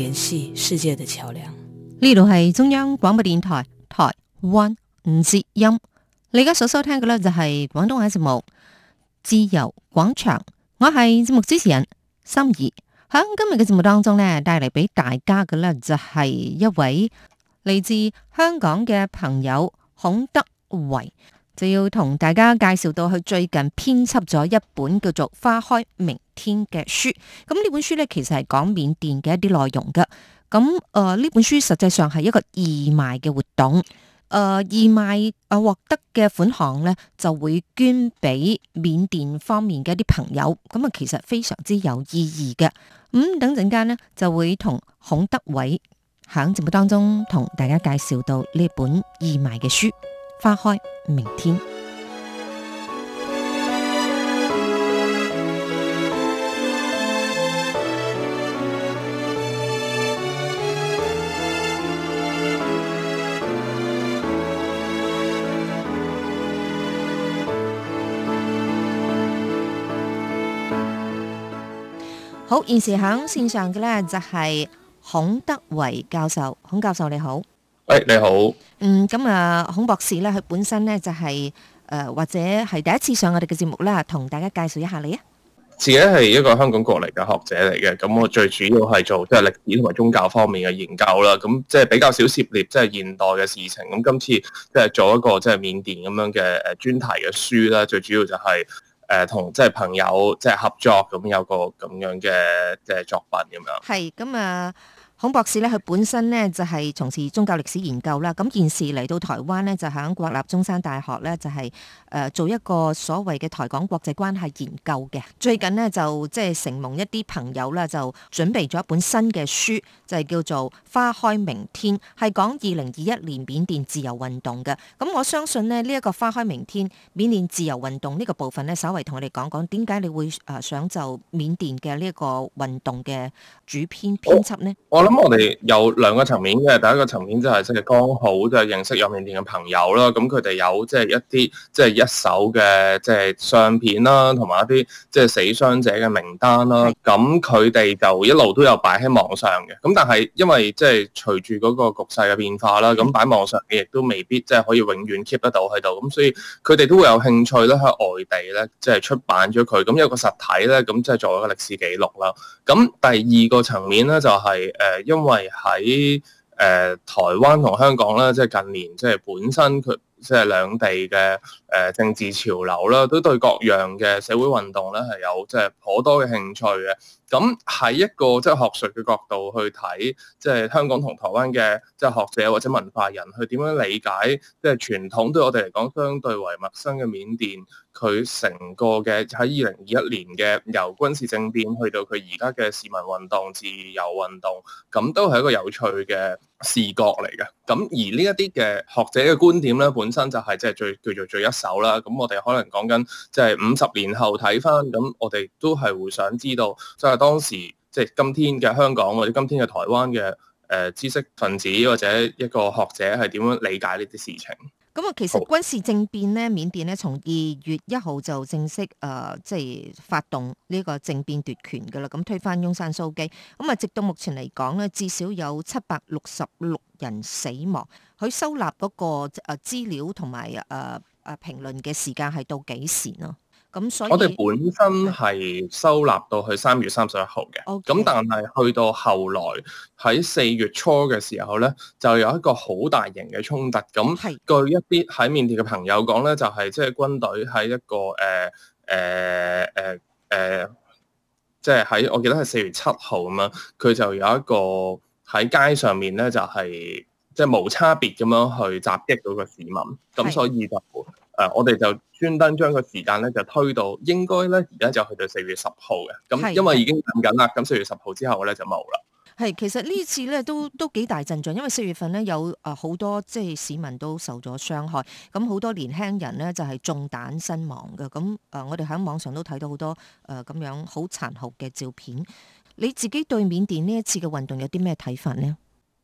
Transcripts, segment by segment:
聯繫世界的橋梁，呢度係中央廣播電台台灣之音，你而家所收聽嘅呢，就係廣東話節目自由廣場，我係節目主持人心怡，喺今日嘅節目當中呢，帶嚟俾大家嘅呢，就係一位嚟自香港嘅朋友孔德維。就要同大家介紹到佢最近編輯咗一本叫做《花開明天》嘅書，咁呢本書咧其實係講緬甸嘅一啲內容噶，咁誒呢本書實際上係一個義賣嘅活動，誒義賣誒獲得嘅款項咧就會捐俾緬甸方面嘅一啲朋友，咁啊其實非常之有意義嘅，咁等陣間呢，就會同孔德維喺節目當中同大家介紹到呢本義賣嘅書。花開明天。好，現時響線上嘅咧就係孔德維教授，孔教授你好。喂，hey, 你好。嗯，咁、嗯、啊，孔博士咧，佢本身咧就係、是、誒、呃，或者係第一次上我哋嘅節目啦，同大家介紹一下你啊。自己係一個香港國嚟嘅學者嚟嘅，咁我最主要係做即係歷史同埋宗教方面嘅研究啦。咁即係比較少涉獵即係現代嘅事情。咁今次即係做一個即係緬甸咁樣嘅誒專題嘅書啦。最主要就係誒同即係朋友即係合作咁有個咁樣嘅即係作品咁樣。係，咁、嗯、啊。孔博士咧，佢本身咧就係、是、從事宗教歷史研究啦。咁、嗯、現時嚟到台灣咧，就響國立中山大學咧，就係、是、誒、呃、做一個所謂嘅台港國際關係研究嘅。最近呢，就即係承蒙一啲朋友啦，就準備咗一本新嘅書，就係叫做《花開明天》，係講二零二一年緬甸自由運動嘅。咁、嗯、我相信呢，呢、這、一個《花開明天》緬甸自由運動呢個部分咧，稍微同我哋講講，點解你會誒、呃、想就緬甸嘅呢一個運動嘅主編編輯呢？我咧。咁我哋有兩個層面嘅，第一個層面就係即係剛好就認識緬甸嘅朋友啦，咁佢哋有即係一啲即係一手嘅即係相片啦，同埋一啲即係死傷者嘅名單啦，咁佢哋就一路都有擺喺網上嘅，咁但係因為即係隨住嗰個局勢嘅變化啦，咁擺網上嘅亦都未必即係可以永遠 keep 得到喺度，咁所以佢哋都會有興趣咧喺外地咧即係出版咗佢，咁有個實體咧咁即係作為一個歷史記錄啦。咁第二個層面咧就係、是、誒。因為喺誒、呃、台灣同香港咧，即係近年即係本身佢。即係兩地嘅誒政治潮流啦，都對各樣嘅社會運動咧係有即係頗多嘅興趣嘅。咁喺一個即係學術嘅角度去睇，即係香港同台灣嘅即係學者或者文化人去點樣理解，即係傳統對我哋嚟講相對為陌生嘅緬甸，佢成個嘅喺二零二一年嘅由軍事政變去到佢而家嘅市民運動、自由運動，咁都係一個有趣嘅。視覺嚟嘅，咁而呢一啲嘅學者嘅觀點咧，本身就係即係最叫做最一手啦。咁我哋可能講緊即係五十年後睇翻，咁我哋都係會想知道，即係當時即係今天嘅香港或者今天嘅台灣嘅誒知識分子或者一個學者係點樣理解呢啲事情。咁啊，其實軍事政變咧，緬甸咧從二月一號就正式誒即係發動呢個政變奪權噶啦。咁推翻翁山蘇基，咁、嗯、啊，直到目前嚟講咧，至少有七百六十六人死亡。佢收納嗰個誒資料同埋誒誒評論嘅時間係到幾時呢？咁所以，我哋本身係收納到去三月三十一號嘅。咁 Okay. 但係去到後來喺四月初嘅時候咧，就有一個好大型嘅衝突。咁是據一啲喺緬甸嘅朋友講咧，就係即係軍隊喺一個誒誒誒誒，即係喺我記得係四月七號咁樣，佢就有一個喺街上面、就、咧、是，就係即係冇差別咁樣去襲擊到個市民。咁是所以就。誒、啊，我哋就專登將個時間咧就推到，應該咧而家就去到四月十號嘅，咁的因為已經等緊啦，咁四月十號之後咧就冇啦。係，其實次呢次咧都都幾大陣仗，因為四月份咧有誒好多即係、呃、市民都受咗傷害，咁好多年輕人呢就係中彈身亡嘅，咁誒我哋喺網上都睇到好多誒咁、呃、樣好殘酷嘅照片。你自己對緬甸呢一次嘅運動有啲咩睇法呢？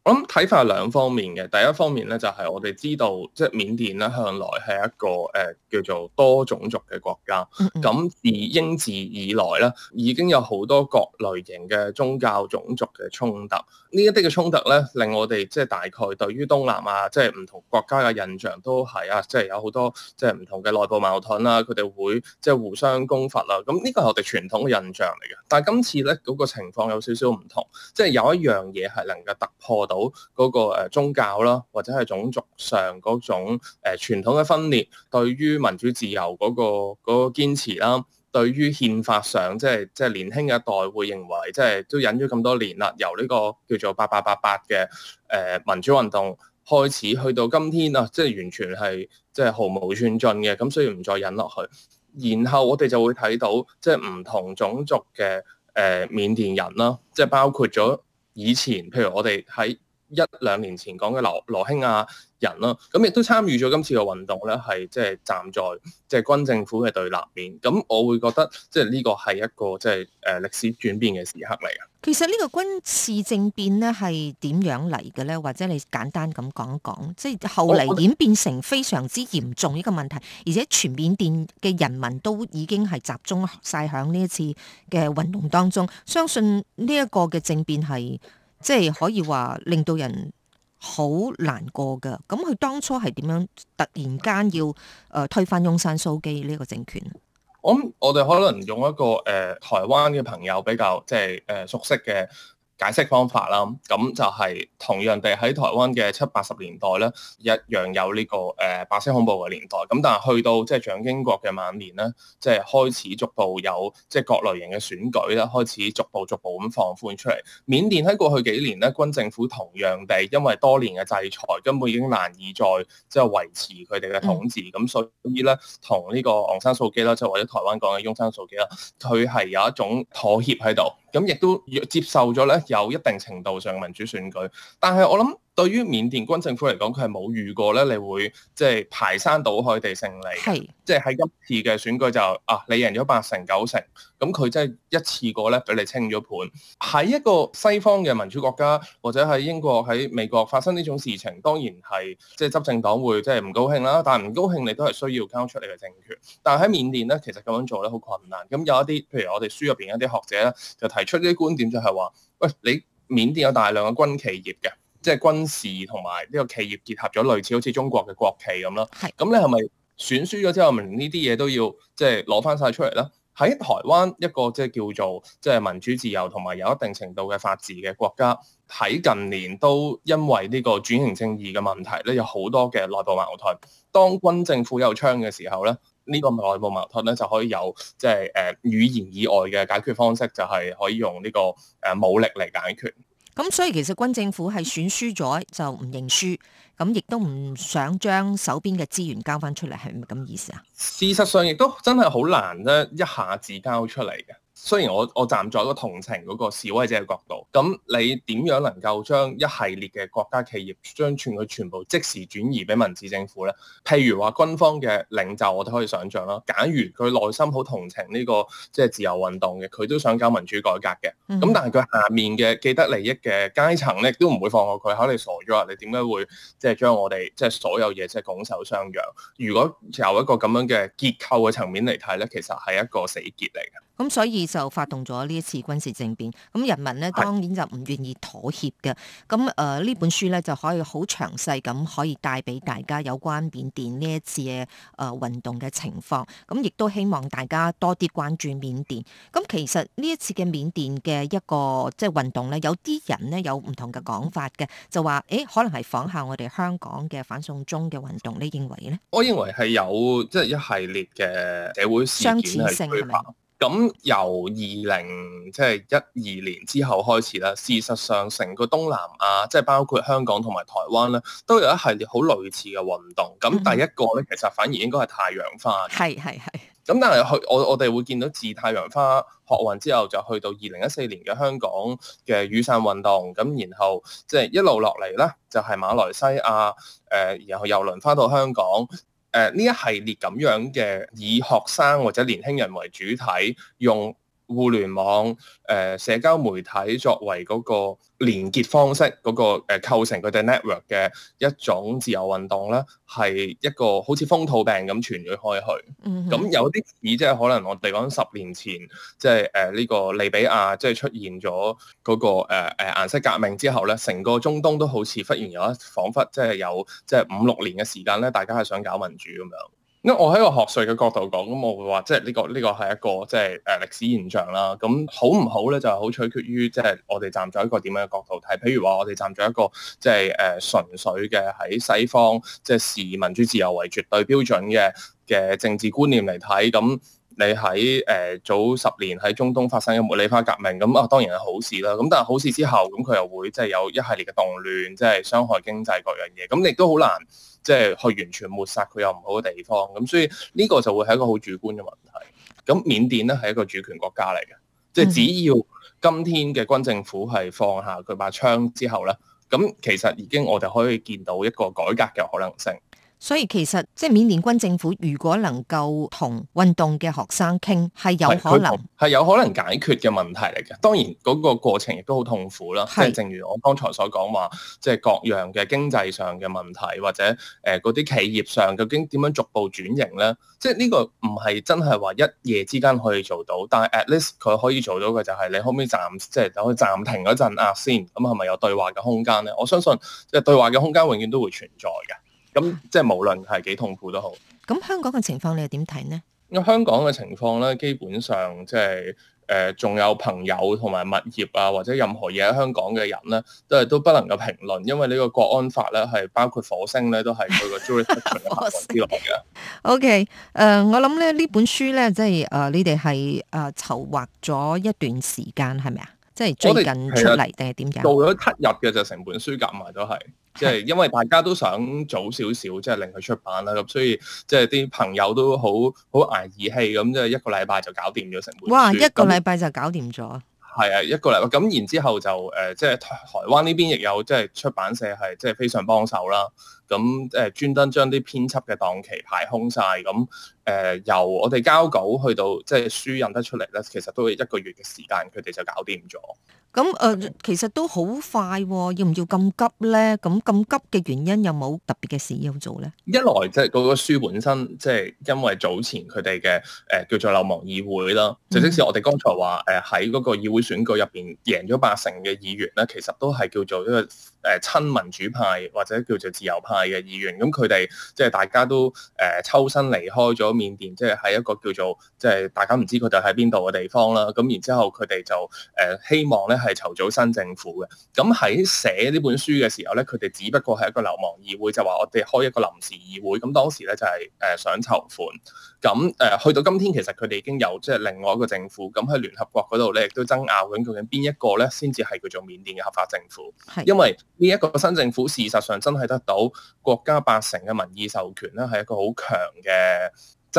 我諗睇法係兩方面嘅，第一方面咧就係我哋知道，即係緬甸咧向來係一個誒叫做多種族嘅國家，咁 自英治以來咧已經有好多各類型嘅宗教種族嘅衝突，呢一啲嘅衝突咧令我哋即係大概對於東南亞即係唔同國家嘅印象都係啊，即係有好多即係唔同嘅內部矛盾啦，佢哋會即係互相攻伐啦，咁呢個係我哋傳統嘅印象嚟嘅，但係今次咧嗰個情況有少少唔同，即係有一樣嘢係能夠突破到，好，嗰個宗教啦，或者係種族上嗰種誒、呃、傳統嘅分裂，對於民主自由嗰個、嗰個、堅持啦，對於憲法上即係即係年輕嘅一代會認為，即係都忍咗咁多年啦，由呢個叫做八八八八嘅誒民主運動開始，去到今天啊，即係完全係即係毫無寸進嘅，咁所以唔再忍落去。然後我哋就會睇到，即係唔同種族嘅誒、呃、緬甸人啦，即係包括咗以前，譬如我哋喺一兩年前講嘅羅羅興亞、啊、人咯、啊，咁亦都參與咗今次嘅運動呢，係即係站在即係軍政府嘅對立面。咁我會覺得即係呢個係一個即係誒歷史轉變嘅時刻嚟嘅。其實呢個軍事政變呢係點樣嚟嘅呢？或者你簡單咁講講，即係後嚟演變成非常之嚴重呢個問題，oh, 而且全緬甸嘅人民都已經係集中晒響呢一次嘅運動當中。相信呢一個嘅政變係。即係可以話令到人好難過噶。咁佢當初係點樣突然間要誒推翻翁山蘇姬呢一個政權？我諗我哋可能用一個誒、呃、台灣嘅朋友比較即係誒熟悉嘅。解釋方法啦，咁就係同樣地喺台灣嘅七八十年代咧，一樣有呢個誒白色恐怖嘅年代。咁但係去到即係蔣經國嘅晚年咧，即係開始逐步有即係各類型嘅選舉啦，開始逐步逐步咁放寬出嚟。緬甸喺過去幾年咧，軍政府同樣地因為多年嘅制裁，根本已經難以再即係維持佢哋嘅統治。咁、嗯、所以咧，同呢個昂山素姬啦，就係或者台灣講嘅翁山素姬啦，佢係有一種妥協喺度。咁亦都接受咗咧，有一定程度上嘅民主選舉，但係我諗。對於緬甸軍政府嚟講，佢係冇遇過咧，你會即係排山倒海地勝利，係的即係喺今次嘅選舉就啊，你贏咗八成九成，咁佢真係一次過咧俾你清咗盤。喺一個西方嘅民主國家，或者喺英國、喺美國發生呢種事情，當然係即係執政黨會即係唔高興啦，但係唔高興你都係需要交出你嘅政權。但係喺緬甸咧，其實咁樣做咧好困難。咁有一啲，譬如我哋書入邊一啲學者咧，就提出呢啲觀點，就係話：喂，你緬甸有大量嘅軍企業嘅。即係軍事同埋呢個企業結合咗，類似好似中國嘅國企咁咯。係的，咁你係咪選輸咗之後，連呢啲嘢都要即係攞翻晒出嚟咧？喺台灣一個即係叫做即係民主自由同埋有一定程度嘅法治嘅國家，喺近年都因為呢個轉型正義嘅問題咧，有好多嘅內部矛盾。當軍政府有槍嘅時候咧，呢、這個內部矛盾咧就可以有即係誒語言以外嘅解決方式，就係、是、可以用呢個誒武力嚟解決。咁所以其實軍政府係選輸咗就唔認輸，咁亦都唔想將手邊嘅資源交翻出嚟，係咪咁意思啊？事實上，亦都真係好難咧，一下子交出嚟嘅。雖然我我站在一個同情嗰個示威者嘅角度，咁你點樣能夠將一系列嘅國家企業將全佢全部即時轉移俾民主政府咧？譬如話軍方嘅領袖，我都可以想象咯。假如佢內心好同情呢個即係自由運動嘅，佢都想搞民主改革嘅，咁、mm hmm. 但係佢下面嘅既得利益嘅階層咧，都唔會放過佢。嚇你傻咗啊？你點解會即係將我哋即係所有嘢即係拱手相讓？如果由一個咁樣嘅結構嘅層面嚟睇咧，其實係一個死結嚟嘅。咁所以就發動咗呢一次軍事政變，咁人民呢當然就唔願意妥協嘅。咁誒呢本書咧就可以好詳細咁可以帶俾大家有關緬甸呢一次嘅誒、呃、運動嘅情況。咁亦都希望大家多啲關注緬甸。咁其實呢一次嘅緬甸嘅一個即係、就是、運動咧，有啲人呢有唔同嘅講法嘅，就話誒可能係仿效我哋香港嘅反送中嘅運動。你認為咧？我認為係有即係一系列嘅社會事件相似性。係咪？咁由二零即係一二年之後開始啦。事實上，成個東南亞即係、就是、包括香港同埋台灣咧，都有一系列好類似嘅運動。咁、嗯、第一個咧，其實反而應該係太陽花。係係係。咁但係去我我哋會見到自太陽花學運之後，就去到二零一四年嘅香港嘅雨傘運動。咁然後即係、就是、一路落嚟啦，就係、是、馬來西亞誒、呃，然後又輪返到香港。誒，呢一系列咁樣嘅，以學生或者年輕人為主體用。互聯網誒、呃、社交媒體作為嗰個連結方式、嗰個，嗰個誒構成佢哋 network 嘅一種自由運動咧，係一個好似風土病咁傳咗開去。咁、mm hmm. 有啲似即係可能我哋講十年前，即係誒呢個利比亞即係出現咗嗰、嗰個誒誒、呃、顏色革命之後咧，成個中東都好似忽然有，一，仿佛即係有即係五六年嘅時間咧，大家係想搞民主咁樣。因為我喺個學術嘅角度講，咁我會話，即係呢個呢個係一個即係誒歷史現象啦。咁好唔好咧，就係、是、好取決於即係我哋站咗一個點樣嘅角度睇。譬如話，我哋站咗一個即係誒純粹嘅喺西方即係、就是、視民主自由為絕對標準嘅嘅政治觀念嚟睇，咁你喺誒早十年喺中東發生嘅茉莉花革命，咁啊當然係好事啦。咁但係好事之後，咁佢又會即係有一系列嘅動亂，即、就、係、是、傷害經濟各樣嘢。咁亦都好難。即係去完全抹殺佢有唔好嘅地方，咁所以呢個就會係一個好主觀嘅問題。咁緬甸咧係一個主權國家嚟嘅，即係只要今天嘅軍政府係放下佢把槍之後咧，咁其實已經我哋可以見到一個改革嘅可能性。所以其實即係緬甸軍政府如果能夠同運動嘅學生傾，係有可能係有可能解決嘅問題嚟嘅。當然嗰個過程亦都好痛苦啦。係是正如我剛才所講話，即係各樣嘅經濟上嘅問題，或者誒嗰啲企業上究竟點樣逐步轉型咧，即係呢個唔係真係話一夜之間可以做到。但係 at least 佢可以做到嘅就係你可唔可以暫即係等佢暫停嗰陣壓先，咁係咪有對話嘅空間咧？我相信即係對話嘅空間永遠都會存在嘅。咁、嗯、即係無論係幾痛苦都好。咁香港嘅情況你又點睇呢？咁香港嘅情況咧，基本上即係誒，仲、呃、有朋友同埋物業啊，或者任何嘢，喺香港嘅人咧，都係都不能夠評論，因為呢個國安法咧係包括火星咧都係佢個 jurisdiction 嘅。O K，誒，我諗咧呢本書咧，即係誒，你哋係誒籌劃咗一段時間係咪啊？即係、就是、最近出嚟定係點解？做咗七日嘅就成本書夾埋都係。即係因為大家都想早少少，即係令佢出版啦，咁所以即係啲朋友都好好挨義氣咁，即係一個禮拜就搞掂咗成本書。哇！一個禮拜就搞掂咗？係啊，一個禮拜。咁然之後就誒，即、呃、係、就是、台灣呢邊亦有即係、就是、出版社係即係非常幫手啦。咁誒、呃、專登將啲編輯嘅檔期排空晒。咁誒、呃、由我哋交稿去到即係、就是、書印得出嚟咧，其實都係一個月嘅時間，佢哋就搞掂咗。咁誒、呃，其實都好快、哦，要唔要咁急咧？咁咁急嘅原因有冇特別嘅事要做咧？一來即係嗰個書本身，即係因為早前佢哋嘅誒叫做流亡議會啦，嗯、就即係我哋剛才話誒喺嗰個議會選舉入邊贏咗八成嘅議員咧，其實都係叫做一個誒親民主派或者叫做自由派嘅議員。咁佢哋即係大家都誒抽身離開咗緬甸，即係喺一個叫做即係大家唔知佢哋喺邊度嘅地方啦。咁然之後佢哋就誒希望咧。係籌組新政府嘅，咁喺寫呢本書嘅時候咧，佢哋只不過係一個流亡議會，就話我哋開一個臨時議會。咁當時咧就係誒想籌款，咁誒去到今天，其實佢哋已經有即係另外一個政府。咁喺聯合國嗰度咧，亦都爭拗緊究竟邊一個咧先至係叫做緬甸嘅合法政府。係的因為呢一個新政府事實上真係得到國家八成嘅民意授權咧，係一個好強嘅。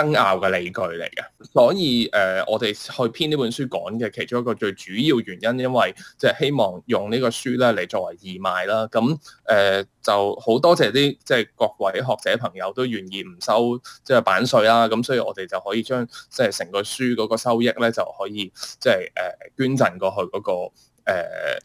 爭拗嘅理據嚟嘅，所以誒、呃，我哋去編呢本書講嘅其中一個最主要原因，因為即係希望用呢個書咧嚟作為義賣啦。咁誒、呃、就好多謝啲即係各位學者朋友都願意唔收即係、就是、版稅啦。咁所以我哋就可以將即係成個書嗰個收益咧就可以即係誒捐贈過去嗰、那個誒誒、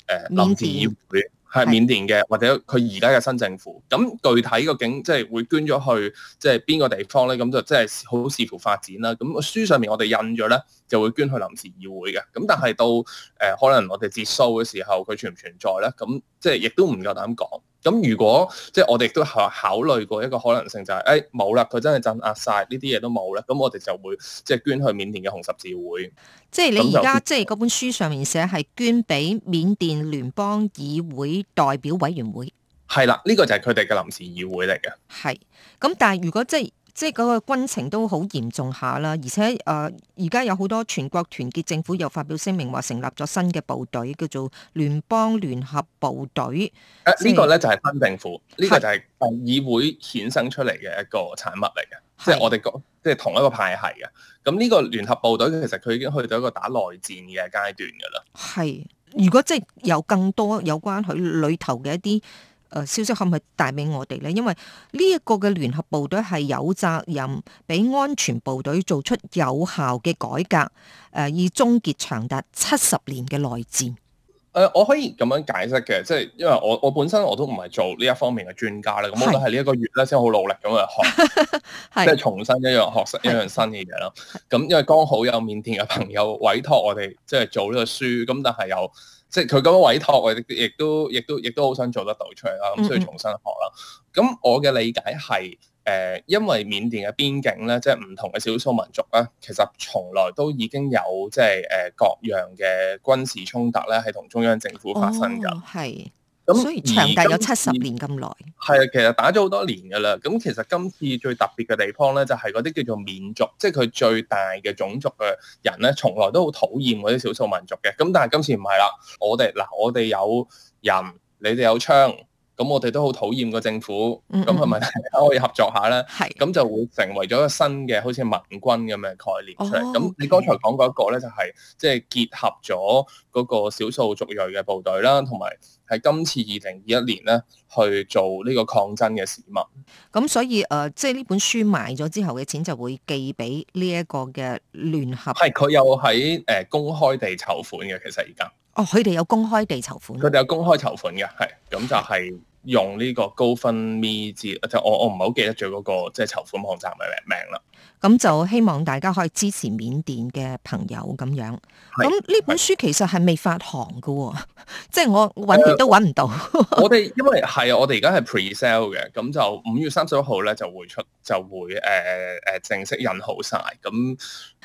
呃、林子會係緬甸嘅，或者佢而家嘅新政府，咁具體個景，即係會捐咗去即係邊個地方咧？咁就即係好視乎發展啦。咁書上面我哋印咗咧，就會捐去臨時議會嘅。咁但係到誒、呃、可能我哋接收嘅時候，佢存唔存在咧？咁即係亦都唔夠膽講。咁如果即係我哋都考考慮過一個可能性就係、是，誒冇啦，佢真係鎮壓晒呢啲嘢，都冇啦，咁我哋就會即係捐去緬甸嘅紅十字會。即係你而家就即係嗰本書上面寫係捐俾緬甸聯邦議會代表委員會。係啦，呢、這個就係佢哋嘅臨時議會嚟嘅。係，咁但係如果即係。即係嗰個軍情都好嚴重下啦，而且誒，而、呃、家有好多全國團結政府又發表聲明話成立咗新嘅部隊，叫做聯邦聯合部隊。呢、就是啊這個咧就係分政府，呢、這個就係誒議會衍生出嚟嘅一個產物嚟嘅，即係是我哋講即係同一個派系嘅。咁呢個聯合部隊其實佢已經去到一個打內戰嘅階段㗎啦。係，如果即係有更多有關佢裏頭嘅一啲。誒消息係咪帶俾我哋咧？因為呢一個嘅聯合部隊係有責任俾安全部隊做出有效嘅改革，誒以終結長達七十年嘅內戰。誒、呃、我可以咁樣解釋嘅，即、就、係、是、因為我我本身我都唔係做呢一方面嘅專家啦，咁是我都係呢一個月咧先好努力咁去學， 是即係重新一樣學識一樣新嘅嘢咯。咁是因為剛好有緬甸嘅朋友委託我哋即係做呢個書，咁但係有。即係佢咁樣委託，我都亦都亦都亦都好想做得到出嚟啦，咁所以重新學啦。咁、嗯嗯、我嘅理解係，誒、呃，因為緬甸嘅邊境咧，即係唔同嘅少數民族咧，其實從來都已經有即係誒、呃、各樣嘅軍事衝突咧，係同中央政府發生嘅。哦。所以長大咗七十年咁耐，係啊，其實打咗好多年㗎啦。咁其實今次最特別嘅地方咧，就係嗰啲叫做緬族，即係佢最大嘅種族嘅人咧，從來都好討厭嗰啲少數民族嘅。咁但係今次唔係啦，我哋嗱，我哋有人，你哋有槍。咁我哋都好討厭個政府，咁係咪可以合作下咧？係咁是就會成為咗一個新嘅好似民軍咁嘅概念出嚟。咁、oh, okay. 你剛才講過一個咧，就係即係結合咗嗰個少數族裔嘅部隊啦，同埋係今次二零二一年咧去做呢個抗爭嘅市民。咁所以誒，即係呢本書賣咗之後嘅錢就會寄俾呢一個嘅聯合。係，佢又喺誒公開地籌款嘅，其實而家。哦，佢哋有公開地籌款。佢哋有公開籌款嘅，係咁就係、是。用呢個高分咪字，就我我唔係好記得住、那、嗰個即係籌款網站嘅名啦。咁就希望大家可以支持緬甸嘅朋友咁樣。咁呢是本書其實係未發行嘅喎、哦，即係的 我揾都揾唔到我 我。我哋因為係啊，我哋而家係 pre sale 嘅，咁就五月三十一號咧就會出，就會誒誒、呃呃、正式印好晒。咁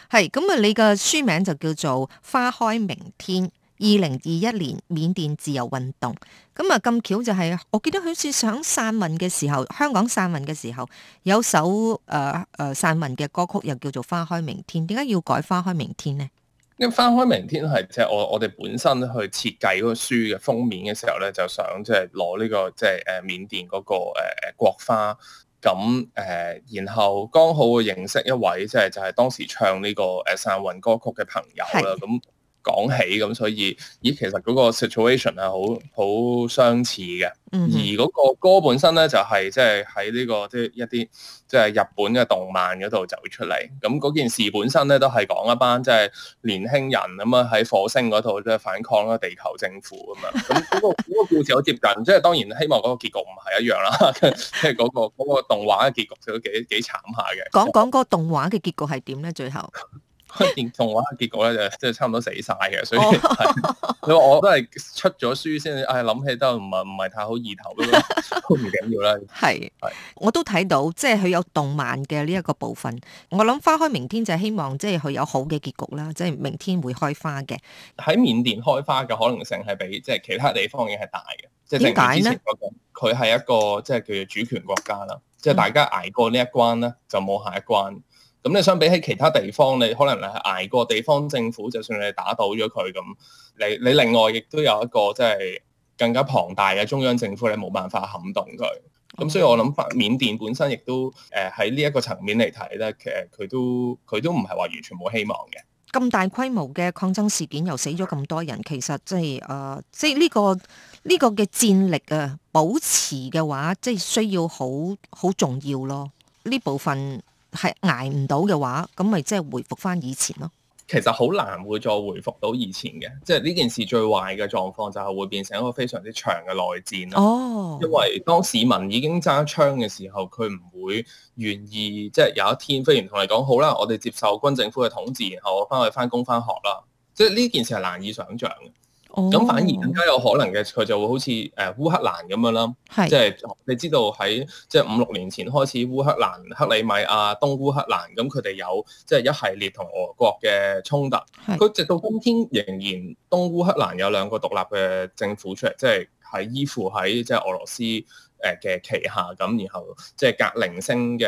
係咁啊，你嘅書名就叫做《花開明天》。二零二一年緬甸自由運動。咁啊，咁巧就係、是，我記得好似想傘運嘅時候，香港傘運嘅時候有首誒誒、呃、傘運嘅歌曲，又叫做《花開明天》。點解要改《花開明天》呢？因為《花開明天》係即係我我哋本身去設計嗰個書嘅封面嘅時候咧，就想即係攞呢個即係誒緬甸嗰個誒誒國花咁誒、呃，然後剛好認識一位即係就係、是、當時唱呢個誒傘運歌曲嘅朋友啦咁。講起咁，所以咦，其實嗰個 situation 係好好相似嘅。嗯、哼而嗰個歌本身咧，就係即係喺呢個即係、即係、一啲即係日本嘅動漫嗰度走出嚟。咁嗰件事本身咧，都係講一班即係年輕人咁啊，喺火星嗰度即係反抗啦地球政府咁啊。咁嗰、嗰個嗰個故事好接近，即係 當然希望嗰個結局唔係一樣啦。即係嗰個嗰、嗰個動畫嘅結局都幾幾慘下嘅。講講個動畫嘅結局係點咧？最後。電 動畫結局咧就即係差唔多死晒嘅，所以你話 我都係出咗書先，唉諗起都唔係唔係太好意頭咯， 都唔緊要啦。係是，係是，我都睇到即係佢有動漫嘅呢一個部分。我諗花開明天就係希望即係佢有好嘅結局啦，即係明天會開花嘅。喺緬甸開花嘅可能性係比即係其他地方嘅係大嘅，即係正。之前嗰個佢係一個即係叫做主權國家啦，即係大家捱過呢一關咧， 就冇下一關。咁你相比起其他地方，你可能係捱過地方政府，就算你打倒咗佢咁，你你另外亦都有一個即係更加龐大嘅中央政府，你冇辦法撼動佢，咁，所以我諗緬甸本身亦都誒喺呢一個層面嚟睇咧，其實佢都佢都唔係話完全冇希望嘅。咁大規模嘅抗爭事件又死咗咁多人，其實即係誒即係呢個呢個嘅戰力啊，保持嘅話，即係需要好好重要咯，呢部分。係捱唔到嘅話，咁咪即係回復翻以前咯。其實好難會再回復到以前嘅，即係呢件事最壞嘅狀況就係會變成一個非常之長嘅內戰啦。哦，因為當市民已經揸槍嘅時候，佢唔會願意即係有一天，譬如同你講好啦，我哋接受軍政府嘅統治，然後我翻去翻工翻學啦。即係呢件事係難以想像嘅。咁、哦、反而更加有可能嘅，佢就會好似誒烏克蘭咁樣啦，即係是你知道喺即係五六年前開始烏克蘭、克里米亞、東烏克蘭咁，佢哋有即係一系列同俄國嘅衝突。佢是直到今天仍然東烏克蘭有兩個獨立嘅政府出嚟，即係係依附喺即係俄羅斯。誒嘅旗下咁，然後即係隔零星嘅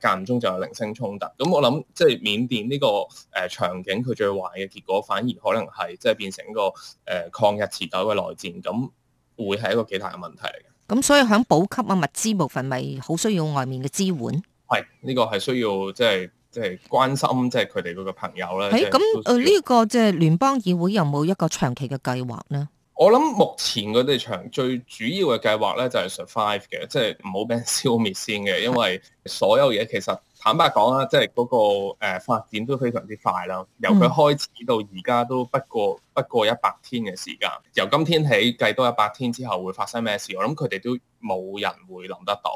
誒間唔中就有零星衝突。咁我諗即係緬甸呢個誒場景，佢最壞嘅結果反而可能係即係變成一個誒抗日持久嘅內戰。咁會係一個幾大嘅問題嚟嘅。咁所以喺補給啊、物資部分，咪好需要外面嘅支援。係呢、這個係需要即係即係關心，即係佢哋嗰個朋友咧。咁誒呢個即係聯邦議會有冇一個長期嘅計劃呢？我諗目前佢哋場最主要嘅計劃咧就係、是、survive 嘅，即係唔好俾人消滅先嘅。因為所有嘢其實坦白講啦，即係嗰、那個誒、呃、發展都非常之快啦。由佢開始到而家都不過不過一百天嘅時間。由今天起計多一百天之後會發生咩事，我諗佢哋都冇人會諗得到。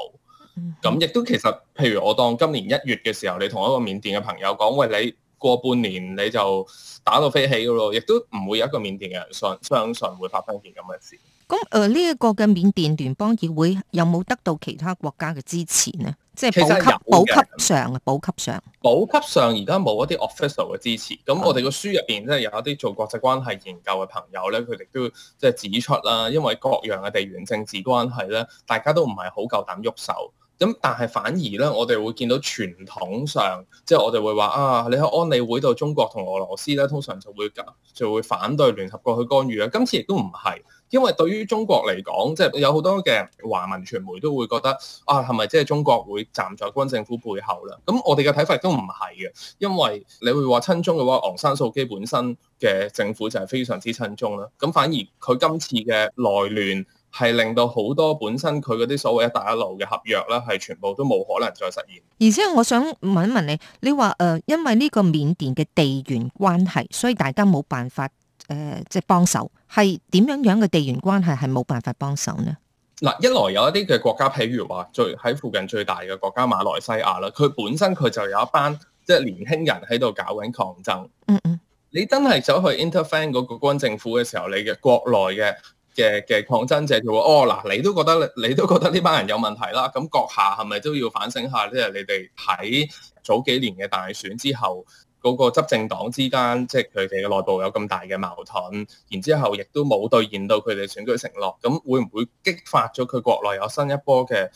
咁亦都其實，譬如我當今年一月嘅時候，你同一個緬甸嘅朋友講喂，你，過半年你就打到飛起噶咯，亦都唔會有一個緬甸人相相信會發生件咁嘅事。咁誒呢一個嘅緬甸聯邦議會有冇得到其他國家嘅支持呢？即係補給補給上嘅補給上。補給上而家冇一啲 official 嘅支持。咁我哋個書入邊咧有一啲做國際關係研究嘅朋友咧，佢哋都即係指出啦，因為各樣嘅地緣政治關係咧，大家都唔係好夠膽喐手。咁但係反而咧，我哋會見到傳統上，即係我哋會話啊，你喺安理會到中國同俄羅斯咧，通常就會就會反對聯合國去干預啊。今次亦都唔係，因為對於中國嚟講，即係有好多嘅華文傳媒都會覺得啊，係咪即係中國會站在軍政府背後咧？咁我哋嘅睇法亦都唔係嘅，因為你會話親中嘅話，昂山素姬本身嘅政府就係非常之親中啦。咁反而佢今次嘅內亂，係令到好多本身佢嗰啲所謂一帶一路嘅合約咧，係全部都冇可能再實現。而且我想問一問你，你話誒、呃，因為呢個緬甸嘅地緣關係，所以大家冇辦法誒、呃，即係幫手。係點樣樣嘅地緣關係係冇辦法幫手呢？嗱，一來有一啲嘅國家，譬如話最喺附近最大嘅國家馬來西亞啦，佢本身佢就有一班即係年輕人喺度搞緊抗爭。嗯嗯，你真係走去 interfere 嗰個軍政府嘅時候，你嘅國內嘅。嘅嘅抗爭者嘅喎，哦嗱，你都覺得你都覺得呢班人有問題啦，咁閣下係咪都要反省下，即係你哋喺早幾年嘅大選之後，嗰個執政黨之間，即係佢哋嘅內部有咁大嘅矛盾，然之後亦都冇兌現到佢哋選舉承諾，咁會唔會激發咗佢國內有新一波嘅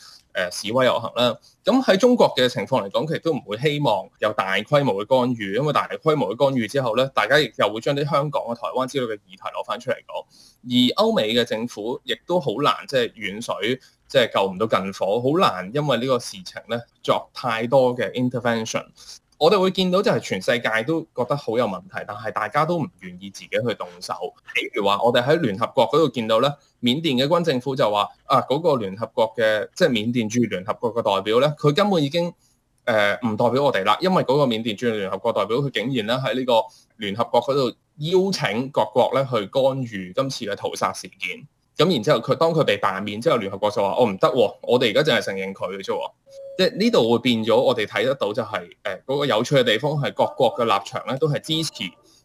誒示威遊行咧？咁喺中國嘅情況嚟講，佢亦都唔會希望有大規模嘅干預，因為大規模嘅干預之後咧，大家亦又會將啲香港啊、台灣之類嘅議題攞翻出嚟講。而歐美嘅政府亦都好難，即係遠水即係救唔到近火，好難因為呢個事情咧作太多嘅 intervention。我哋會見到就係全世界都覺得好有問題，但係大家都唔願意自己去動手。譬如話，我哋喺聯合國嗰度見到咧，緬甸嘅軍政府就話：啊，嗰個聯合國嘅即係緬甸駐聯合國嘅代表咧，佢根本已經誒唔代表我哋啦，因為嗰個緬甸駐聯合國代表佢竟然咧喺呢個聯合國嗰度邀請各國咧去干預今次嘅屠殺事件。咁然之後，佢當佢被罷免之後，聯合國就話、哦：我唔得，我哋而家淨係承認佢嘅啫。即係呢度會變咗，我哋睇得到就係誒嗰個有趣嘅地方係各國嘅立場咧，都係支持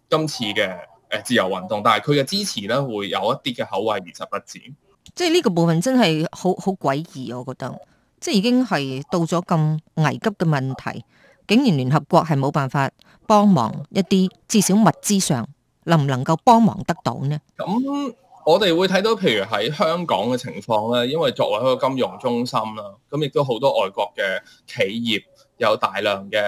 今次嘅誒自由運動，但係佢嘅支持咧會有一啲嘅口惠而實不至。即係呢個部分真係好好詭異，我覺得即係已經係到咗咁危急嘅問題，竟然聯合國係冇辦法幫忙一啲，至少物資上能唔能夠幫忙得到呢？咁、嗯我哋會睇到，譬如喺香港嘅情況咧，因為作為一個金融中心啦，咁亦都好多外國嘅企業有大量嘅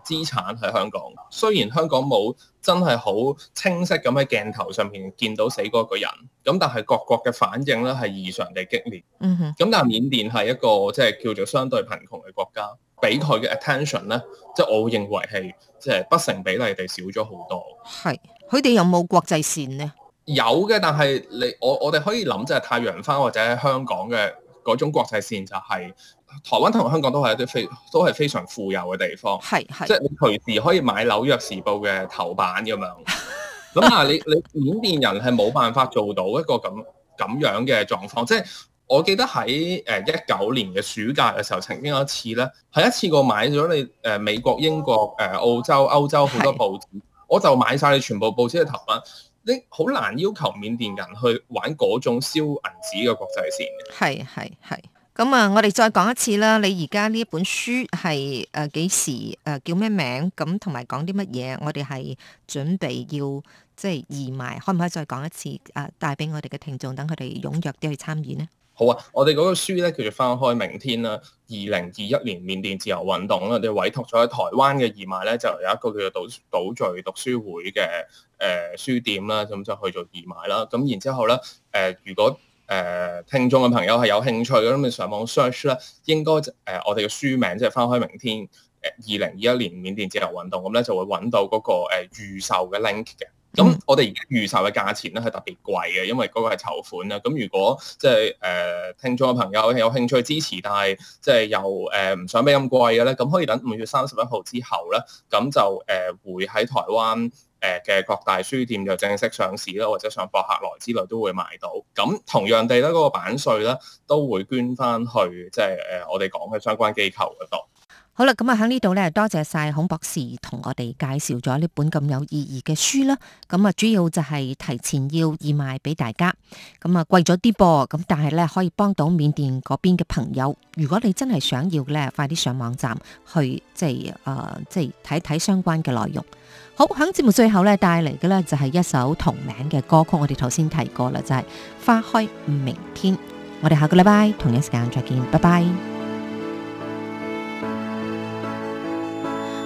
資產喺香港。雖然香港冇真係好清晰咁喺鏡頭上面見到死嗰個人，咁但係各國嘅反應咧係異常地激烈。嗯哼、mm。咁、hmm. 但係緬甸係一個即係、就是、叫做相對貧窮嘅國家，俾佢嘅 attention 咧，即、就、係、是、我認為係即係不成比例地少咗好多。係，佢哋有冇國際線呢？有嘅，但係你我我哋可以諗就係太陽花或者香港嘅嗰種國際線就係台灣同香港都係一啲非都係非常富有嘅地方，係係，即係你隨時可以買紐約時報嘅頭版咁樣。咁啊， 你你緬甸人係冇辦法做到一個咁咁樣嘅狀況。即係我記得喺誒一九年嘅暑假嘅時候，曾經有一次咧，係一次過買咗你誒美國、英國、誒澳洲、歐洲好多報紙，是是我就買晒你全部報紙嘅頭版。你好難要求緬甸人去玩嗰種燒銀紙嘅國際線嘅，係係係。咁啊，我哋再講一次啦。你而家呢一本書係誒幾時誒叫咩名？咁同埋講啲乜嘢？我哋係準備要即係義賣，可唔可以再講一次？誒，帶俾我哋嘅聽眾，等佢哋踴躍啲去參與呢？好啊，我哋嗰個書咧叫做《花開明天》啦，二零二一年緬甸自由運動啦，我哋委託咗喺台灣嘅義賣咧，就有一個叫做「賭賭聚讀書會」嘅、呃、誒書店啦，咁就去做義賣啦。咁然之後咧，誒、呃、如果誒、呃、聽眾嘅朋友係有興趣咧，咁你上網 search 啦。應該誒、呃、我哋嘅書名即係、就是《花開明天》誒二零二一年緬甸自由運動，咁咧就會揾到嗰、那個誒預、呃、售嘅 link 嘅。咁我哋而家預售嘅價錢咧係特別貴嘅，因為嗰個係籌款啦。咁如果即係誒聽眾嘅朋友有興趣支持，但係即係又誒唔、呃、想俾咁貴嘅咧，咁可以等五月三十一號之後咧，咁就誒、呃、會喺台灣誒嘅各大書店就正式上市啦，或者上博客來之類都會買到。咁同樣地咧，嗰、那個版稅咧都會捐翻去即係誒我哋講嘅相關機構嗰度。好啦，咁啊喺呢度呢，多謝晒孔博士同我哋介紹咗呢本咁有意義嘅書啦。咁啊，主要就係提前要義賣俾大家，咁啊貴咗啲噃，咁但係呢，可以幫到緬甸嗰邊嘅朋友。如果你真係想要呢，快啲上網站去，即係誒，呃，即係睇睇相關嘅內容。好，喺節目最後呢，帶嚟嘅呢就係一首同名嘅歌曲，我哋頭先提過啦，就係《花開明天》。我哋下個禮拜同一時間再見，拜拜。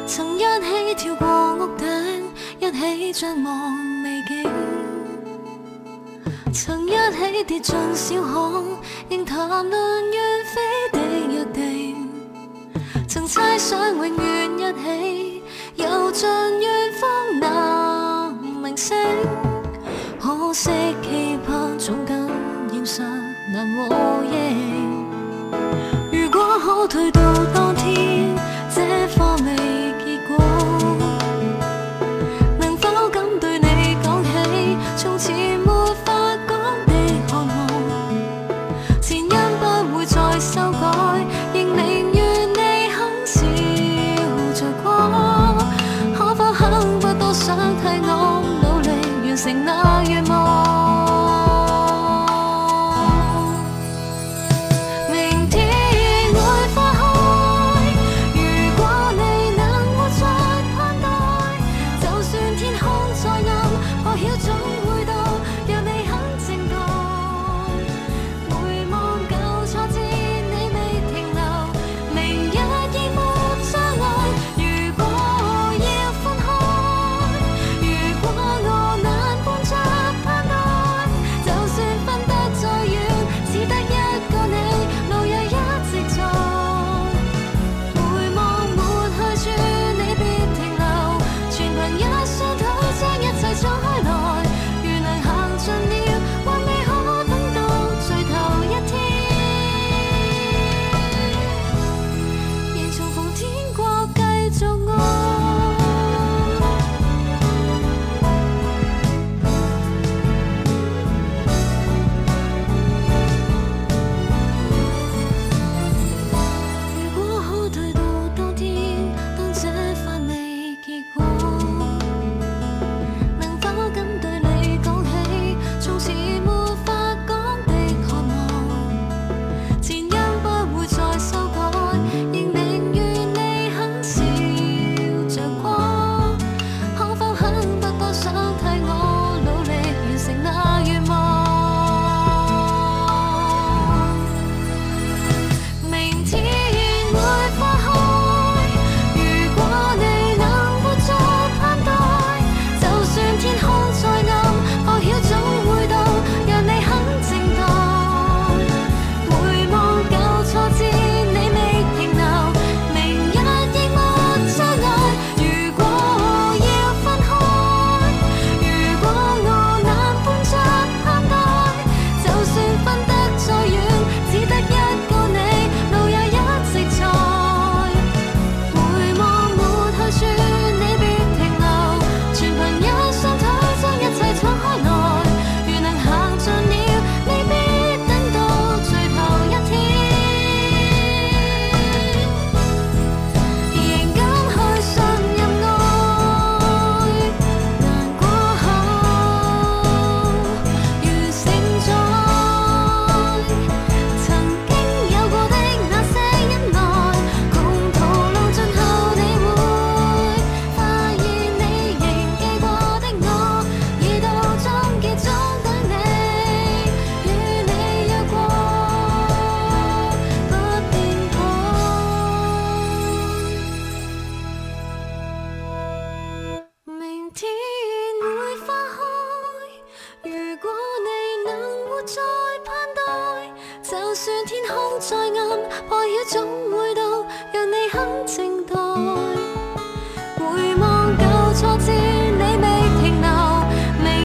曾一起跳過屋頂，一起張望美景。曾一起跌進小巷，仍談論遠飛的約定。曾猜想永遠一起，遊盡遠方那明星。可惜期盼總感染實難忘。